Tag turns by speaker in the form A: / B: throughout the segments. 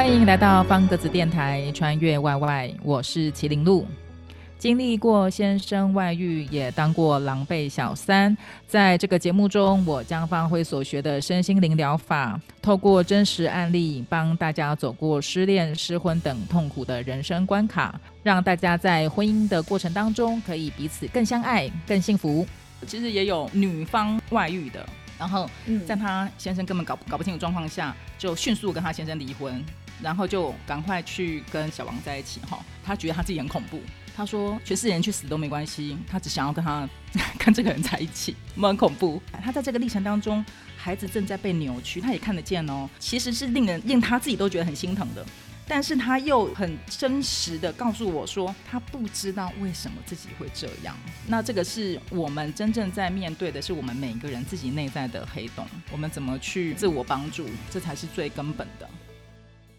A: 歡迎來到方格子電台，穿越外遇。我是麒麟鹿，經歷過先生外遇，也當過狼狽小三。在這個節目中，我將發揮所學的身心靈療法，透過真實案例，幫大家走過失戀、失婚等痛苦的人生關卡，讓大家在婚姻的過程當中，可以彼此更相愛、更幸福。其實也有女方外遇的，然後嗯，在她先生根本搞不搞不清楚狀況下，就迅速跟她先生離婚。然後就趕快去跟小王在一起哈，他覺得他自己很恐怖。他說全世界人去死都沒關係，他只想要跟他跟這個人在一起，我們很恐怖。他在這個歷程當中，孩子正在被扭曲，他也看得見哦。其實是令人令他自己都覺得很心疼的，但是他又很真實的告訴我說，他不知道為什麼自己會這樣。那這個是我們真正在面對的，是我們每一個人自己內在的黑洞。我們怎麼去自我幫助，這才是最根本的。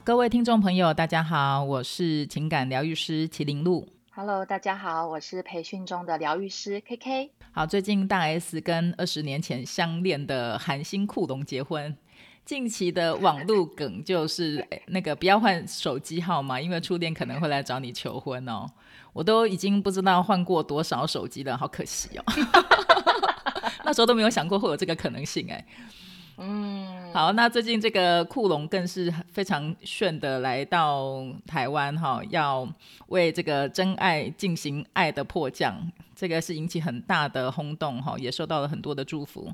A: 各位聽眾朋友，大家好，我是情感療癒師麒麟鹿。
B: Hello，大家好，我是培訓中的療癒師 KK。
A: 好，最近大 S 跟二十年前相戀的韓星酷龍結婚。近期的網路梗就是、 欸、那個不要換手機號碼，因為初戀可能會來找你求婚哦。我都已經不知道換過多少手機了，好可惜哦。 那時候都沒有想過會有這個可能性哎、欸。嗯。好，那最近這個酷龍更是非常炫的來到台灣哈、哦，要為這個真愛進行愛的迫降，這個是引起很大的轟動哈、哦，也受到了很多的祝福。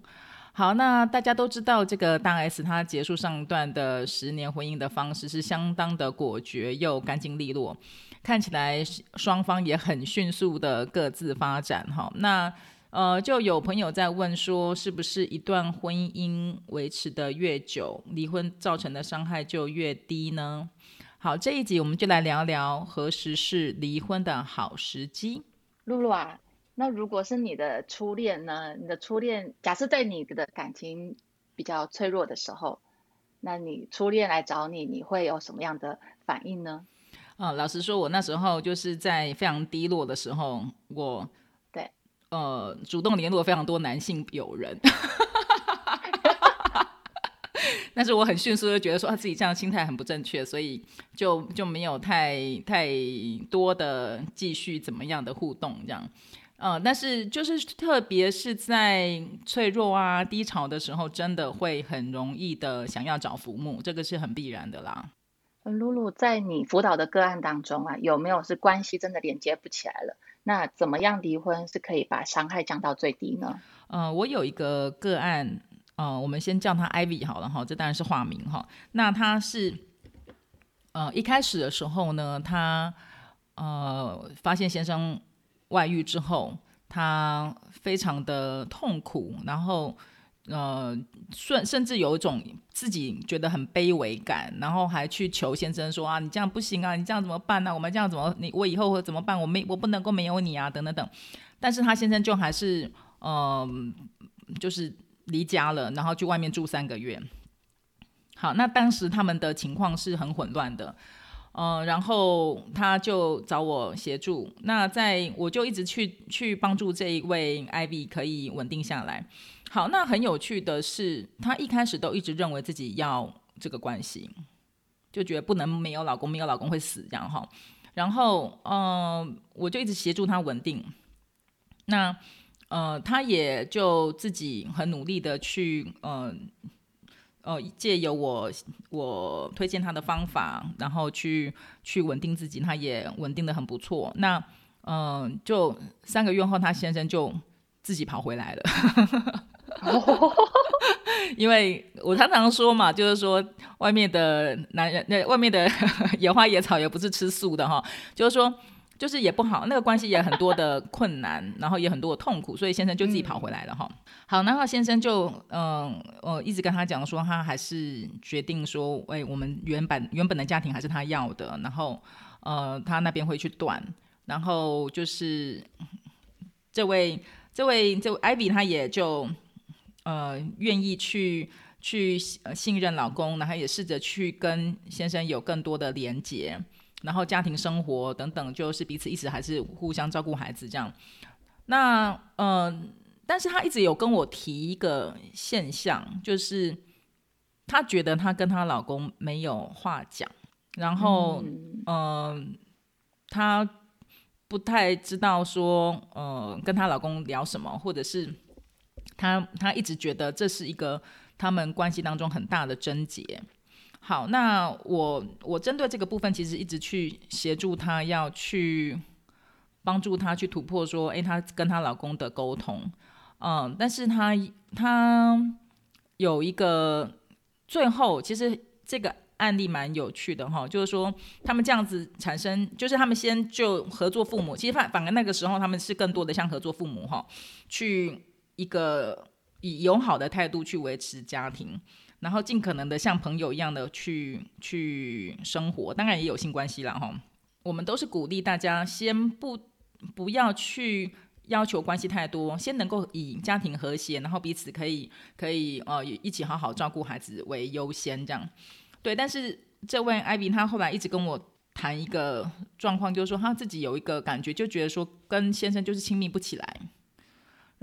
A: 好，那大家都知道這個大 S 她結束上一段的十年婚姻的方式是相當的果決又乾淨利落，看起來雙方也很迅速的各自發展哈、哦。那呃，就有朋友在問說，是不是一段婚姻維持得越久，離婚造成的傷害就越低呢？好，這一集我們就來聊聊何時是離婚的好時機。
B: 露露啊，那如果是你的初戀呢？你的初戀，假設對你的感情比較脆弱的時候，那你初戀來找你，你會有什麼樣的反應呢？
A: 啊、呃，老實說，我那時候就是在非常低落的時候，我。呃，主動聯絡非常多男性友人， 但是我很迅速就覺得說，啊，自己這樣心態很不正確，所以就就沒有太太多的繼續怎麼樣的互動這樣。嗯、呃，但是就是特別是在脆弱啊、低潮的時候，真的會很容易的想要找浮木，這個是很必然的啦。
B: 露露，在你輔導的個案當中啊，有沒有是關係真的連接不起來了？那怎麼樣離婚是可以把傷害降到最低呢？
A: 呃，我有一個個案，呃，我們先叫他 Ivy 好了哈，這當然是化名哈。那他是呃一開始的時候呢，他呃發現先生外遇之後，他非常的痛苦，然後。呃，甚甚至有一種自己覺得很卑微感，然後還去求先生說啊，你這樣不行啊，你這樣怎麼辦呢、啊？我們這樣怎麼你我以後會怎麼辦？我沒我不能夠沒有你啊，等等等等。但是他先生就還是嗯、呃，就是離家了，然後去外面住三個月。好，那當時他們的情況是很混亂的，嗯、呃，然後他就找我協助，那在我就一直去去幫助這一位 Ivy，可以穩定下來。好，那很有趣的是，他一開始都一直認為自己要這個關係，就覺得不能沒有老公，沒有老公會死這樣哈。然後，嗯、呃，我就一直協助他穩定。那，呃，他也就自己很努力的去，嗯，呃，借、呃、由我我推薦他的方法，然後去去穩定自己，他也穩定的很不錯。那，嗯、呃，就三個月後，他先生就自己跑回來了。 哦， 因為我常常說嘛，就是說外面的男人，那外面的野花野草也不是吃素的哈，就是說，就是也不好，那個關係也很多的困難， 然後也很多的痛苦，所以先生就自己跑回來了哈。好，然後先生就嗯、呃，我一直跟他講說，他還是決定說，哎，我們原本原本的家庭還是他要的，然後呃，他那邊會去斷，然後就是這位這位這位艾比他也就。呃，願意去去信任老公，然後也試着去跟先生有更多的連接，然後家庭生活等等，就是彼此一直還是互相照顧孩子這樣。那嗯、呃，但是她一直有跟我提一個現象，就是她覺得她跟她老公沒有話講，然後嗯，她、呃、不太知道說呃跟她老公聊什麼，或者是。他他一直覺得這是一個他們關係當中很大的症結。好，那我我針對這個部分，其實一直去協助他，要去幫助他去突破，說，誒、欸，他跟他老公的溝通，嗯，但是他她有一個最後，其實這個案例蠻有趣的哈，就是說他們這樣子產生，就是他們先就合作父母，其實反反而那個時候他們是更多的像合作父母哈，去。一個以友好的態度去維持家庭，然後盡可能的像朋友一樣的去去生活，當然也有性關係啦哈。我們都是鼓勵大家先不不要去要求關係太多，先能夠以家庭和諧，然後彼此可以可以呃以一起好好照顧孩子為優先這樣。對，但是這位艾比她後來一直跟我談一個狀況，就是說她自己有一個感覺，就覺得說跟先生就是親密不起來。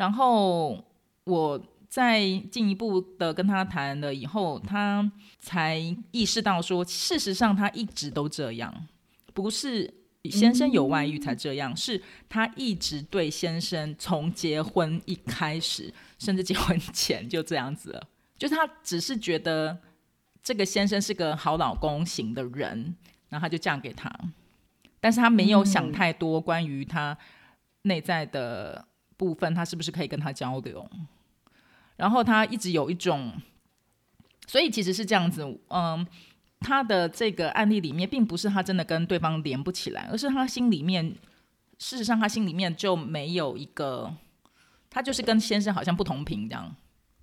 A: 然後我再進一步的跟他談了以後，他才意識到說，事實上他一直都這樣，不是先生有外遇才這樣，嗯。是他一直對先生從結婚一開始，甚至結婚前就這樣子了，就是他只是覺得這個先生是個好老公型的人，然後他就嫁給他，但是他沒有想太多關於他內在的。部分他是不是可以跟他交流？然後他一直有一種，所以其實是這樣子，嗯、呃，他的這個案例裡面，並不是他真的跟對方連不起來，而是他心裡面，事實上他心裡面就沒有一個，他就是跟先生好像不同頻這樣，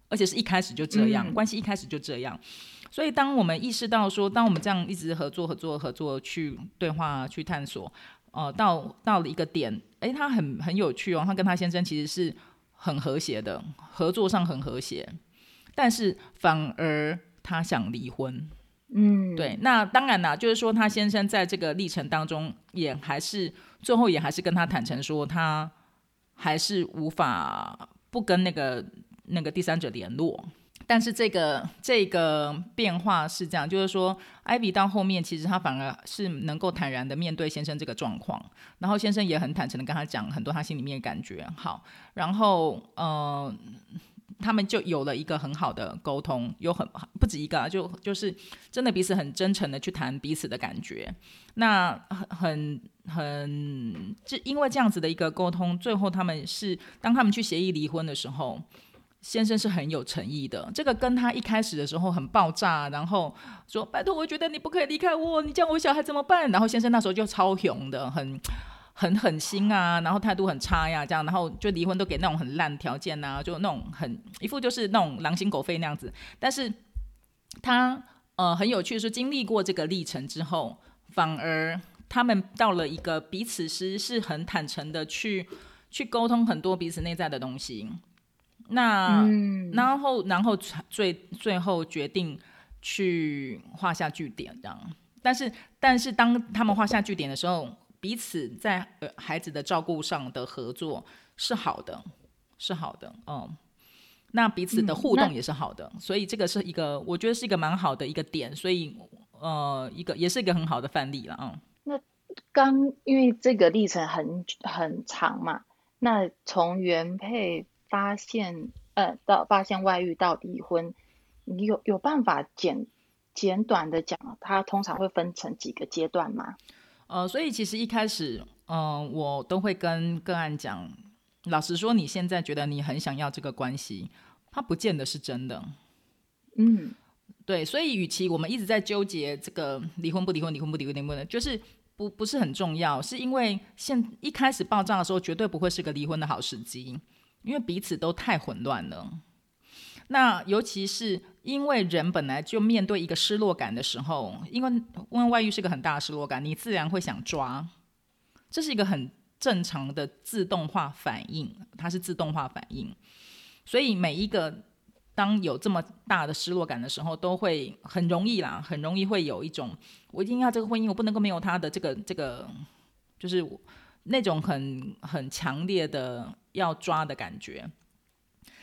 A: 而且是一開始就這樣，嗯、關係一開始就這樣。所以當我們意識到說，當我們這樣一直合作、合作、合作去對話、去探索。哦、呃，到到了一個點，哎，他很很有趣哦，他跟她先生其實是很和諧的，合作上很和諧，但是反而他想離婚，
B: 嗯，對，
A: 那當然啦，就是說，她先生在這個歷程當中，也還是最後也還是跟她坦誠說，他還是無法不跟那個那個第三者聯絡。但是這個這個變化是這樣，就是說，艾比到後面其實他反而是能夠坦然的面對先生這個狀況，然後先生也很坦誠的跟他講很多他心裡面的感覺，好，然後嗯、呃，他們就有了一個很好的溝通，有很不止一個、啊，就就是真的彼此很真誠的去談彼此的感覺。那很很很，就因為這樣子的一個溝通，最後他們是當他們去協議離婚的時候。先生是很有誠意的，這個跟他一開始的時候很爆炸，然後說：“拜托，我覺得你不可以離開我，你叫我小孩怎麼辦？”然後先生那時候就超凶的，很很狠心啊，然後態度很差呀、啊，這樣，然後就離婚都給那種很爛條件啊，就那種很一副就是那種狼心狗肺那樣子。但是他呃很有趣的是，是經歷過這個歷程之後，反而他們到了一個彼此時是很坦誠的去去溝通很多彼此內在的東西。那，嗯、然後，然後最最後決定去畫下句點這樣，但是，但是當他們畫下句點的時候，彼此在孩子的照顧上的合作是好的，是好的，嗯，那彼此的互動也是好的，嗯、所以這個是一個，我覺得是一個蠻好的一個點，所以，呃，一個也是一個很好的範例了嗯。
B: 那剛，因為這個歷程很很長嘛，那從原配。發現，呃，到發現外遇到離婚，你有有辦法簡簡短的講，它通常會分成幾個階段嗎？
A: 呃，所以其實一開始，嗯、呃，我都會跟個案講，老實說，你現在覺得你很想要這個關係，它不見得是真的。嗯，對，所以與其我們一直在糾結這個離婚不離婚，離婚不離婚，離不就是不不是很重要，是因為現一開始爆炸的時候，絕對不會是個離婚的好時機。因為彼此都太混亂了，那尤其是因為人本來就面對一個失落感的時候，因為因為外遇是個很大的失落感，你自然會想抓，這是一個很正常的自動化反應，它是自動化反應，所以每一個當有這麼大的失落感的時候，都會很容易啦，很容易會有一種我一定要這個婚姻，我不能夠沒有他的這個這個，就是。那種很很強烈的要抓的感覺，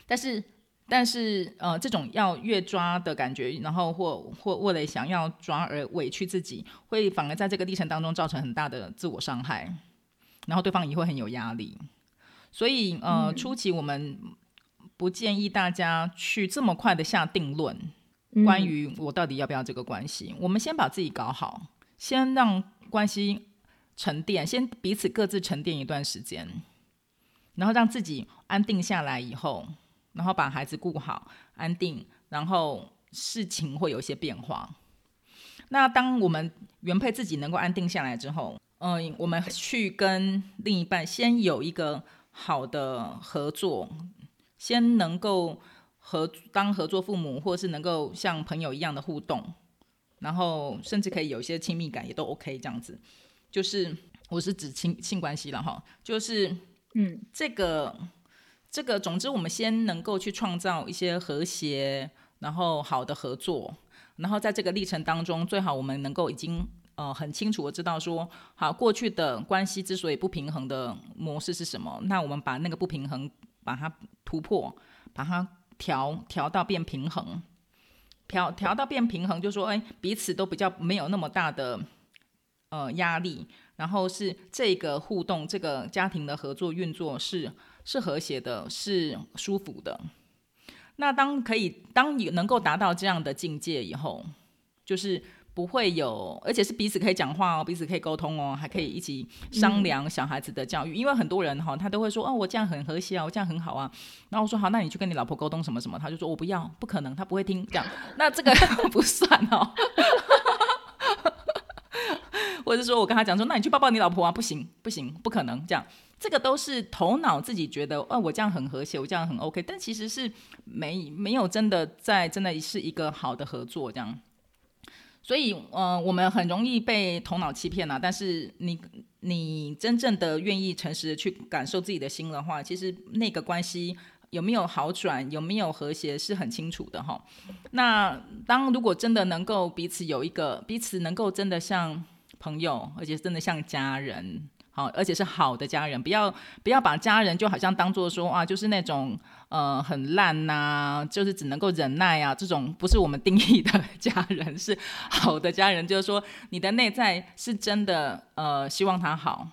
A: 但是但是呃，這種要越抓的感覺，然後或或為了想要抓而委屈自己，會反而在這個歷程當中造成很大的自我傷害，然後對方也會很有壓力。所以呃，嗯、初期我們不建議大家去這麼快的下定論，關於我到底要不要這個關係，嗯、我們先把自己搞好，先讓關係。沉澱，先彼此各自沉澱一段時間，然後讓自己安定下來以後，然後把孩子顧好，安定，然後事情會有一些變化。那當我們原配自己能夠安定下來之後，嗯、呃，我們去跟另一半先有一個好的合作，先能夠合當合作父母，或是能夠像朋友一樣的互動，然後甚至可以有一些親密感，也都 OK 這樣子。就是，我是指親性關係了哈。就是，
B: 嗯，
A: 這個這個，總之，我們先能夠去創造一些和諧，然後好的合作。然後在這個歷程當中，最好我們能夠已經呃很清楚的知道說，好，過去的關係之所以不平衡的模式是什麼，那我們把那個不平衡把它突破，把它調調到變平衡，調調到變平衡，就是說哎，彼此都比較沒有那麼大的。呃，壓力，然後是這個互動，這個家庭的合作運作是是和諧的，是舒服的。那當可以，當你能夠達到這樣的境界以後，就是不會有，而且是彼此可以講話哦，彼此可以溝通哦，還可以一起商量小孩子的教育。嗯、因為很多人哈、哦，他都會說哦，我這樣很和諧啊，我這樣很好啊。然後我說好，那你去跟你老婆溝通什麼什麼，他就說我不要，不可能，他不會聽，這樣， 那這個不算哦。 或者說我跟他講說，那你去抱抱你老婆啊，不行不行，不可能這樣。這個都是頭腦自己覺得，哦、呃，我這樣很和諧，我這樣很 OK，但其實是沒沒有真的在，真的是一個好的合作這樣。所以，呃，我們很容易被頭腦欺騙吶、啊。但是你你真正的願意誠實的去感受自己的心的話，其實那個關係有沒有好轉，有沒有和諧是很清楚的哈、哦。那當如果真的能夠彼此有一個，彼此能夠真的像。朋友，而且真的像家人，好、哦，而且是好的家人，不要不要把家人就好像當做說啊，就是那種呃很爛吶、啊，就是只能夠忍耐啊這種，不是我們定義的家人，是好的家人，就是說你的內在是真的呃希望他好，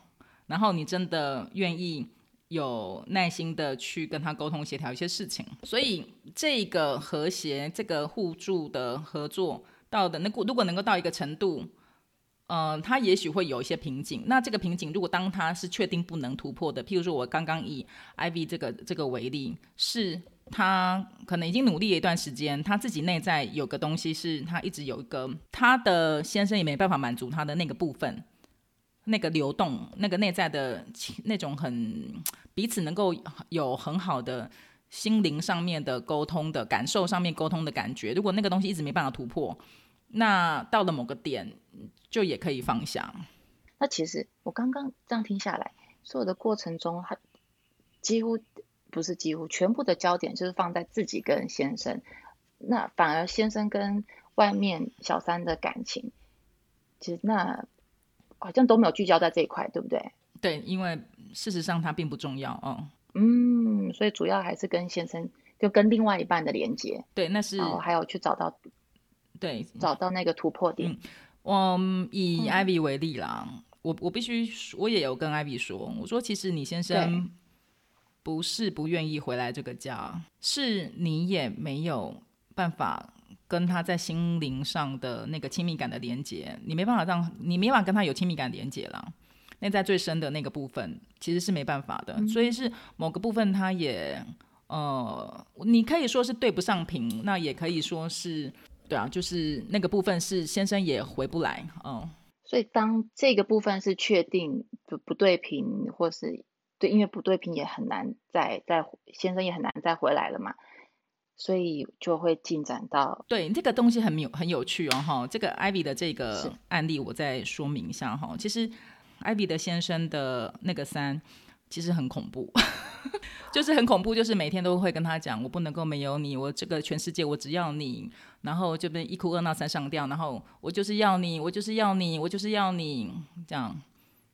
A: 然後你真的願意有耐心的去跟他溝通協調一些事情，所以這個和諧、這個互助的合作到的，那如果能夠到一個程度，嗯，他、呃、也許會有一些瓶頸。那這個瓶頸，如果當他是確定不能突破的，譬如說，我剛剛以 IV 這個這個為例，是他可能已經努力了一段時間，他自己內在有個東西，是他一直有一個他的先生也沒辦法滿足他的那個部分，那個流動，那個內在的、那種很彼此能夠有很好的心靈上面的溝通的、感受上面溝通的感覺。如果那個東西一直沒辦法突破。那
B: 到了某個點，就也可以放下。那其實我剛剛這樣聽下來，所有的過程中，他幾乎不是幾乎，全部的焦點就是放在自己跟先生。那反而先生跟外面小三的感情，其實那好像都沒有聚焦在這一塊，對不對？
A: 對，因為事實上它並不重要哦。嗯，
B: 所以主要還是跟先生，就跟另外一半的連接。對，那是還有去找到。對，找到那個
A: 突破點。嗯,嗯，以艾比為例啦，嗯、我我必須，我也有跟艾比說，我說其實你先生不是不願意回來這個家，對是你也沒有辦法跟他在心靈上的那個親密感的連接，你沒辦法讓你沒辦法跟他有親密感連接了，內在最深的那個部分其實是沒辦法的，嗯、所以是某個部分他也呃，你可以說是對不上頻，那也可以說是。對啊，就是那個部分是先生也回不來，嗯，
B: 所以當這個部分是確定不不對平，或是對，因為不對平也很難再再先生也很難再回來了嘛，所以就會進展到，
A: 對，這個東西很有很有趣哦，哦，這個艾比的這個案例我再說明一下哈，哦，是其實艾比的先生的那個三。其實很恐怖， 就是很恐怖，就是每天都會跟他講，我不能夠沒有你，我這個全世界我只要你，然後這邊一哭二鬧三上吊，然後我就是要你，我就是要你，我就是要你這樣，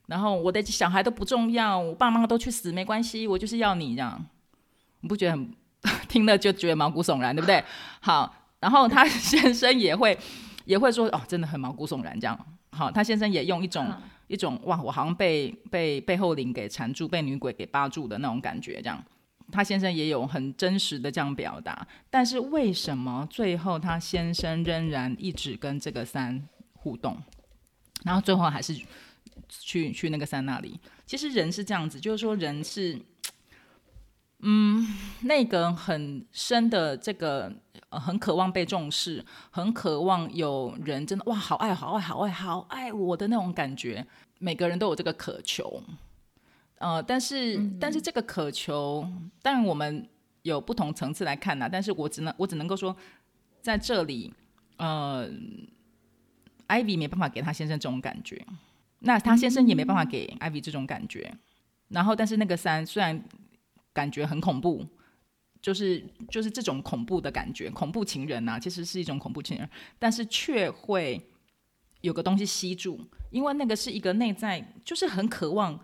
A: 然後我的小孩都不重要，我爸媽都去死沒關係，我就是要你這樣，你不覺得很聽了就覺得毛骨悚然，對不對？好，然後他先生也會也會說，哦，真的很毛骨悚然這樣，好，他先生也用一種。一種哇，我好像被被背後靈給纏住，被女鬼給扒住的那種感覺，這樣。他先生也有很真實的這樣表達，但是為什麼最後他先生仍然一直跟這個三互動？然後最後還是去去那個三那裡。其實人是這樣子，就是說人是。嗯，那個很深的，這個、呃、很渴望被重視，很渴望有人真的哇，好愛，好愛，好愛，好愛我的那種感覺。每個人都有這個渴求，呃，但是嗯嗯但是這個渴求，當然我們有不同層次來看吶、啊。但是我只能我只能夠說，在這裡，呃，Ivy 沒辦法給他先生這種感覺，那他先生也沒辦法給 Ivy 這種感覺。嗯嗯然後，但是那個三雖然。感覺很恐怖，就是就是這種恐怖的感覺，恐怖情人啊，其實是一種恐怖情人，但是卻會有個東西吸住，因為那個是一個內在，就是很渴望，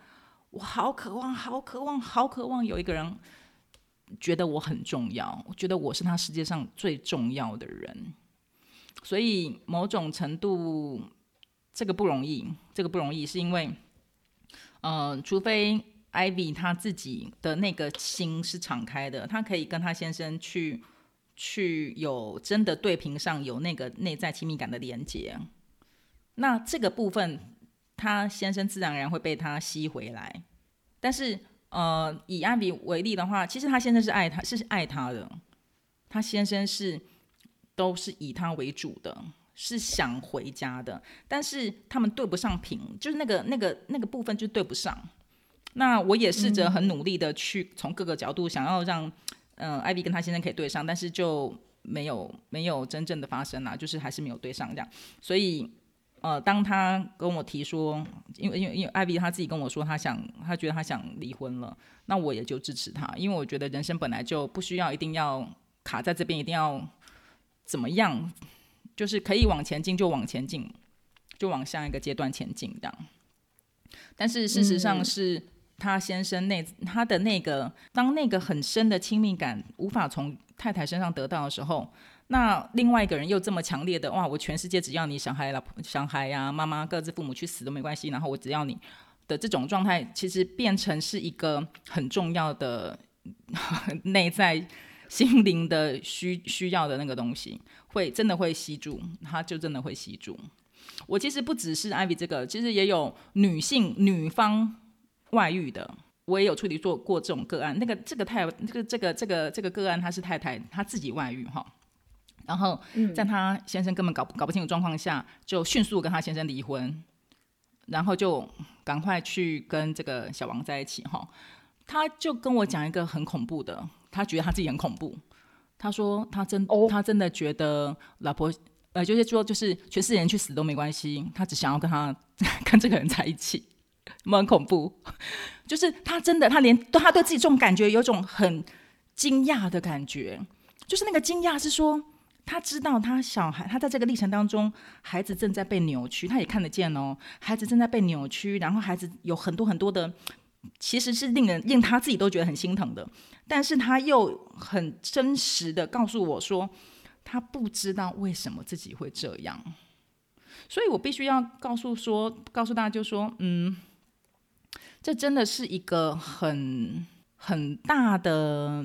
A: 我好渴望，好渴望，好渴望有一個人覺得我很重要，我覺得我是他世界上最重要的人，所以某種程度這個不容易，這個不容易，是因為，嗯、呃，除非。艾比他自己的那個心是敞開的，他可以跟她先生去去有真的對屏上有那個內在親密感的連接。那這個部分，她先生自然而然會被她吸回來。但是，呃，以艾比為例的話，其實她先生是愛她，是愛她的。她先生是都是以她為主的，是想回家的。但是他們對不上屏，就是那個那個那個部分就對不上。那我也試着很努力的去從各個角度想要讓，嗯，呃、Ivy 跟他先生可以對上，但是就沒有沒有真正的發生啦，就是還是沒有對上這樣。所以，呃，當他跟我提說，因為因為因為 Ivy 他自己跟我說他想他覺得他想離婚了，那我也就支持他，因為我覺得人生本來就不需要一定要卡在這邊，一定要怎麼樣，就是可以往前進就往前進，就往下一個階段前進這樣。嗯、但是事實上是。他先生那他的那個，當那個很深的親密感無法從太太身上得到的時候，那另外一個人又這麼強烈的哇！我全世界只要你小孩、老婆、小孩呀、啊，媽媽各自父母去死都沒關係，然後我只要你的這種狀態，其實變成是一個很重要的呵呵內在心靈的需需要的那個東西，會真的會吸住，他就真的會吸住。我其實不只是艾比這個，其實也有女性女方，外遇的，我也有處理做過這種個案。那個這個太，這、那個這個這個這個個案，他是太太他自己外遇哈，然後在他先生根本搞搞不清楚狀況下，嗯、就迅速跟他先生離婚，然後就趕快去跟這個小王在一起哈。他就跟我講一個很恐怖的，他覺得他自己很恐怖。他說他真、哦、他真的覺得老婆呃就是說就是全世界人去死都沒關係，他只想要跟他跟這個人在一起。蠻恐怖，就是他真的，他連他對自己這種感覺有種很驚訝的感覺，就是那個驚訝是說，他知道他小孩，他在這個歷程當中，孩子正在被扭曲，他也看得見哦，孩子正在被扭曲，然後孩子有很多很多的，其實是令人令他自己都覺得很心疼的，但是他又很真實的告訴我說，他不知道為什麼自己會這樣，所以我必須要告訴說，告訴大家就說，嗯。這真的是一個很很大的，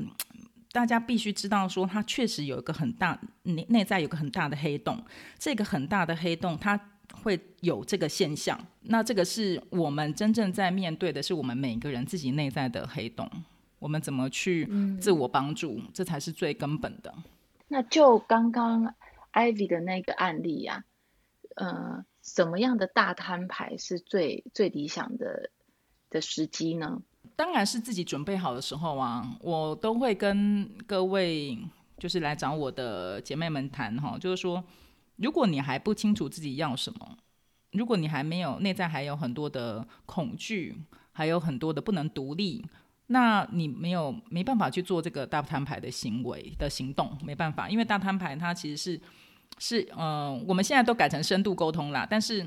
A: 大家必須知道，說它確實有一個很大內內在有一個很大的黑洞，這個很大的黑洞它會有這個現象。那這個是我們真正在面對的，是我們每個人自己內在的黑洞。我們怎麼去自我幫助，嗯，這才是最根本的。
B: 那就剛剛 Ivy 的那個案例呀，啊，呃，什麼樣的大攤牌是最最理想的？的時機呢？
A: 當然是自己準備好的時候啊！我都會跟各位就是來找我的姐妹們談哈，就是說，如果你還不清楚自己要什麼，如果你還沒有內在還有很多的恐懼，還有很多的不能獨立，那你沒有沒辦法去做這個大攤牌的行為的行動，沒辦法，因為大攤牌它其實是是嗯、呃，我們現在都改成深度溝通啦，但是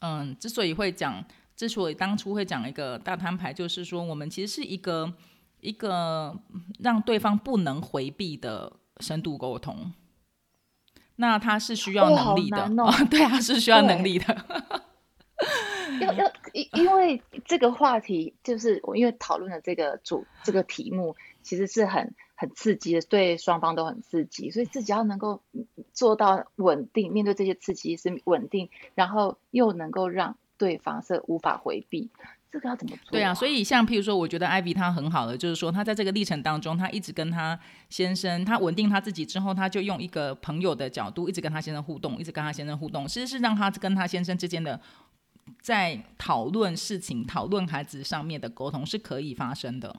A: 嗯、呃，之所以會講。之所以當初會講一個大攤牌，就是說我們其實是一個一個讓對方不能回避的深度溝通。
B: 那他是需要能力的，欸喔哦、對啊，他是需要能力的。要要因對 因為這個話題就是我因為討論的這個主這個題目其實是很很刺激的，對雙方都很刺激，所以自己要能夠做到穩定，面對這些刺激是穩定，然後又能夠讓對方是無法回避，這個要怎麼做啊？對
A: 啊，所以像譬如說，我覺得艾比他很好的，就是說，他在這個歷程當中，他一直跟他先生，他穩定他自己之後，他就用一個朋友的角度，一直跟他先生互動，一直跟他先生互動，其實是讓他跟他先生之間的在討論事情、討論孩子上面的溝通是可以發生的。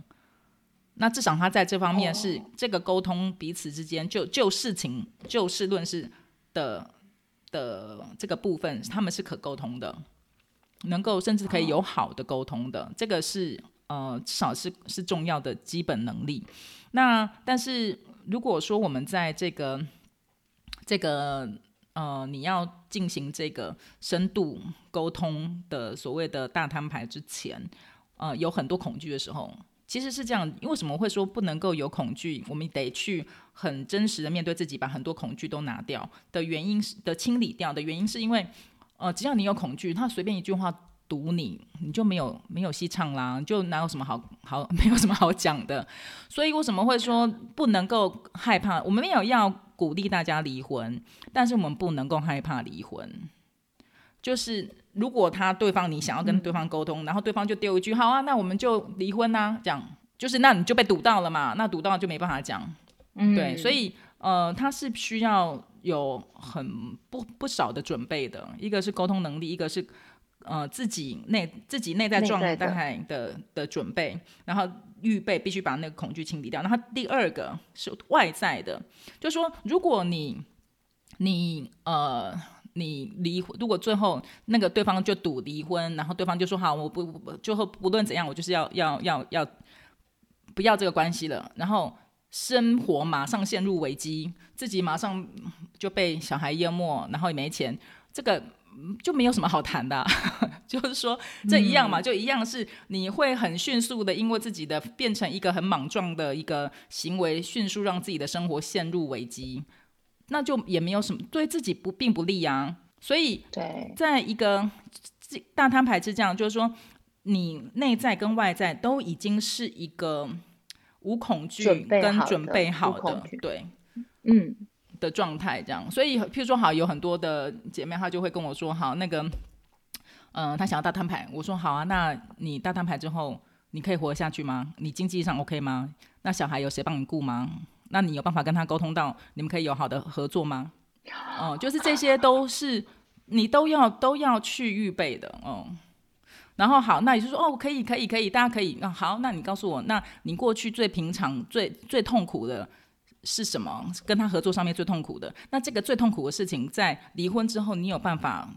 A: 那至少他在這方面是這個溝通，彼此之間就、哦、就事情就事論事的的這個部分，他們是可溝通的。能夠甚至可以有好的溝通的，oh. 這個是呃，至少是是重要的基本能力。那但是如果說我們在這個這個呃，你要進行這個深度溝通的所謂的大攤牌之前，呃，有很多恐懼的時候，其實是這樣。為什麼會說不能夠有恐懼？我們得去很真實的面對自己，把很多恐懼都拿掉的原因是的，清理掉的原因是因為。呃，只要你有恐懼，他隨便一句話堵你，你就沒有沒有戲唱啦，就哪有什麼好好，沒有什麼好講的。所以為什麼會說不能夠害怕？我們沒有要鼓勵大家離婚，但是我們不能夠害怕離婚。就是如果他對方你想要跟對方溝通，嗯、然後對方就丟一句“好啊，那我們就離婚吶、啊”，講就是那你就被堵到了嘛，那堵到就沒辦法講。嗯、對，所以呃，他是需要。有很不不少的準備的，一個是溝通能力，一個是呃自己內自己內在狀態的的的準備，然後預備必須把那個恐懼清理掉。然後第二個是外在的，就是說如果你你呃你離，如果最後那個對方就賭離婚，然後對方就說好，我不不不最後不論怎樣，我就是要要要要不要這個關係了，然後。生活馬上陷入危機，自己馬上就被小孩淹沒，然後也沒錢，這個就沒有什麼好談的啊。 就是說這一樣嘛，嗯、就一樣是你會很迅速的，因為自己的變成一個很莽撞的一個行為，迅速讓自己的生活陷入危機，那就也沒有什麼對自己不並不利啊。所以，在一個大攤牌之下，就是說你內在跟外在都已經是一個。無恐懼跟準備好的，好的對，
B: 嗯
A: 的狀態這樣，所以譬如說好，有很多的姐妹她就會跟我說好那個，嗯、呃，她想要大攤牌，我說好啊，那你大攤牌之後你可以活下去嗎？你經濟上 OK 嗎？那小孩有誰幫你顧嗎？那你有辦法跟他溝通到你們可以有好的合作嗎？哦、呃，就是這些都是你都要 都要去預備的，哦。然後好，那也就是說，哦，可以，可以，可以，大家可以。那、啊、好，那你告訴我，那你過去最平常、最最痛苦的是什麼？跟他合作上面最痛苦的？那這個最痛苦的事情，在離婚之後，你有辦法？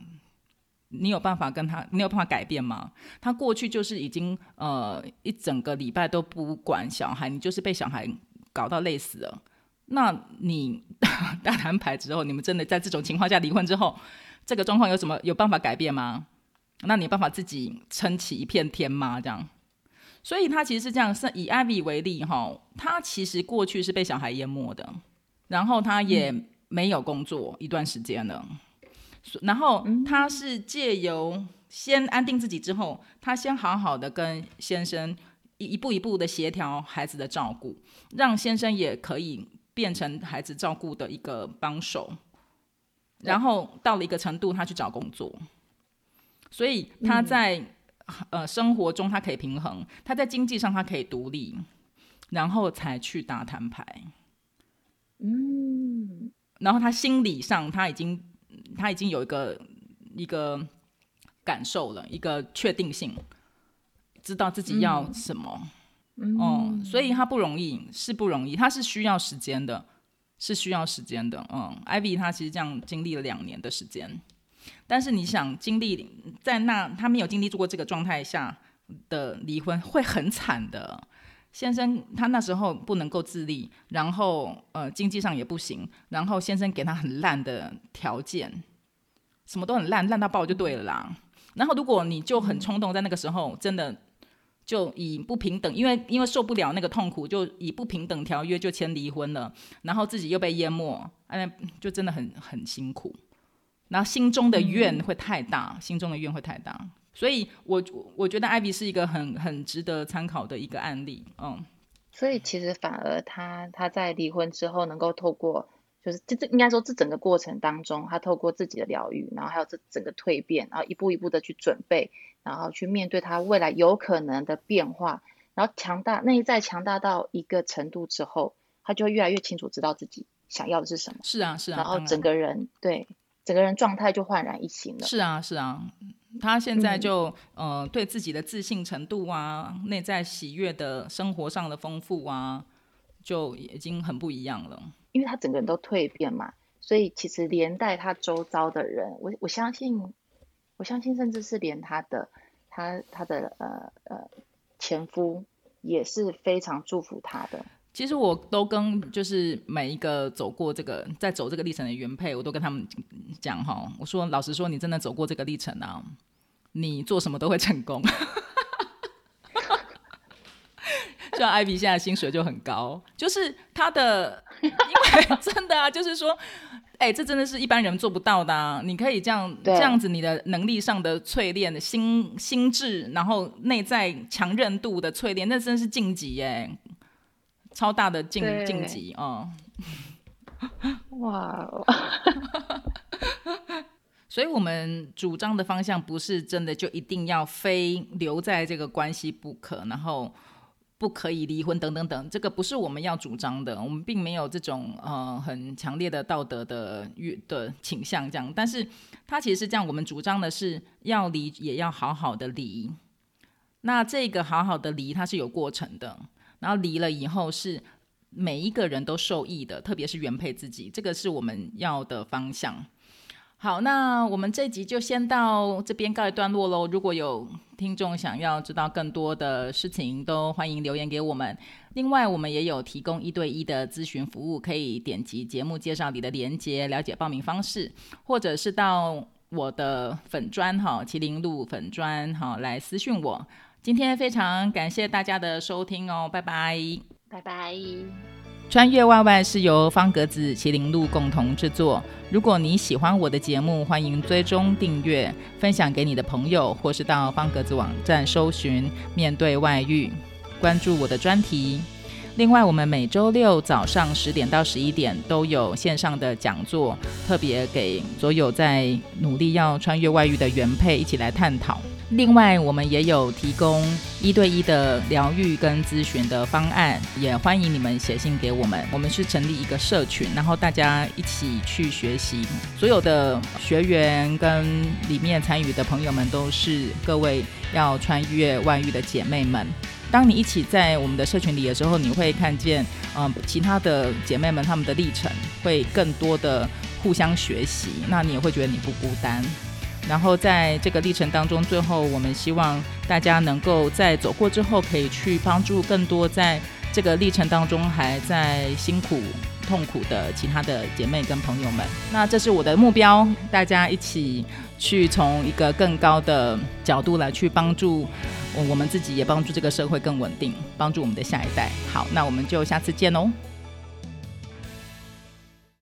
A: 你有辦法跟他？你有辦法改變嗎？他過去就是已經呃一整個禮拜都不管小孩，你就是被小孩搞到累死了。那你呵呵大大攤牌之後，你們真的在這種情況下離婚之後，這個狀況有什麼有辦法改變嗎？那你有辦法自己撐起一片天嗎？這樣，所以他其實是這樣，是以艾比為例哈、哦，他其實過去是被小孩淹沒的，然後他也沒有工作一段時間了，嗯、然後他是借由先安定自己之後，他先好好的跟先生一步一步的協調孩子的照顧，讓先生也可以變成孩子照顧的一個幫手，嗯、然後到了一個程度，他去找工作。所以他在、嗯、呃生活中，他可以平衡；他在經濟上，他可以獨立，然後才去打攤牌。
B: 嗯，
A: 然後他心理上他已經他已經有一個一個感受了一個確定性，知道自己要什麼。哦、嗯嗯嗯，所以他不容易，是不容易，他是需要時間的，是需要時間的。嗯，Ivy 他其實這樣經歷了兩年的時間。但是你想經歷在那，他沒有經歷過這個狀態下的離婚，會很慘的。先生，他那時候不能夠自立，然後呃經濟上也不行，然後先生給他很爛的條件，什麼都很爛，爛到爆就對了啦。然後如果你就很衝動，在那個時候真的就以不平等，因為因為受不了那個痛苦，就以不平等條約就簽離婚了，然後自己又被淹沒，哎，就真的很很辛苦。然後心中的怨會太大，嗯、心中的怨會太大，所以我我覺得艾比是一個很很值得參考的一個案例，嗯，
B: 所以其實反而他他在離婚之後，能夠透過就是這這應該說這整個過程當中，他透過自己的療癒，然後還有這整個蛻變，然後一步一步的去準備，然後去面對他未來有可能的變化，然後強大內在強大到一個程度之後，他就會越來越清楚知道自己想要的是什麼，是啊是啊，是啊然後整個人、嗯啊、對。整個人狀態就煥然一新了。是
A: 啊，是啊，他現在就、嗯、呃，對自己的自信程度啊，內在喜悅的生活上的豐富啊，就已經很不一樣
B: 了。因為他整個人都蛻變嘛，所以其實連帶他周遭的人，我我相信，我相信甚至是連他的他他的呃呃前夫也是非常祝福他的。
A: 其實我都跟就是每一個走過這個在走這個歷程的原配，我都跟他們講哈，我說，老實說，你真的走過這個歷程呢、啊，你做什麼都會成功。 就艾比現在薪水，就很高，就是他的，因為真的啊， 就是說，哎、欸，這真的是一般人做不到的、啊。你可以這樣對這樣子，你的能力上的淬煉，心心智，然後內在強韌度的淬煉，那真的是晉級耶。超大的晉晉級哦，哇對！嗯、Wow. 所以，我們主張的方向不是真的就一定要非留在這個關係不可，然後不可以離婚等等等，這個不是我們要主張的。我們並沒有這種呃很強烈的道德的欲的傾向這樣。但是，它其實是這樣，我們主張的是要離也要好好的離。那這個好好的離，它是有過程的。然後離了以後是每一個人都受益的，特別是原配自己，這個是我們要的方向。好，那我們這集就先到這邊告一段落嘍。如果有聽眾想要知道更多的事情，都歡迎留言給我們。另外，我們也有提供一對一的諮詢服務，可以點擊節目介紹裡的鏈接，了解報名方式，或者是到我的粉磚哈麒麟鹿粉磚哈來私訊我。今天非常感謝大家的收聽哦，拜拜拜拜！Bye bye 穿越外遇是由方格子、麒麟鹿共同製作。如果你喜歡我的節目，歡迎追蹤訂閱、分享給你的朋友，或是到方格子網站搜尋“面對外遇”，關注我的專題。另外，我們每周六早上十點到十一點都有線上的講座，特別給所有在努力要穿越外遇的原配一起來探討。另外，我們也有提供一對一的療癒跟諮詢的方案，也歡迎你們寫信給我們。我們是成立一個社群，然後大家一起去學習。所有的學員跟裡面參與的朋友們都是各位要穿越外遇的姐妹們。當你一起在我們的社群裡的時候，你會看見嗯、呃、其他的姐妹們她們的歷程，會更多的互相學習，那你也會覺得你不孤單。然後在這個歷程當中，最後我們希望大家能夠在走過之後，可以去幫助更多在這個歷程當中還在辛苦、痛苦的其他的姐妹跟朋友們。那這是我的目標，大家一起去從一個更高的角度來去幫助我們自己，也幫助這
B: 個社會更穩定，幫助我們的下一代。好，那我們就下次見嘍。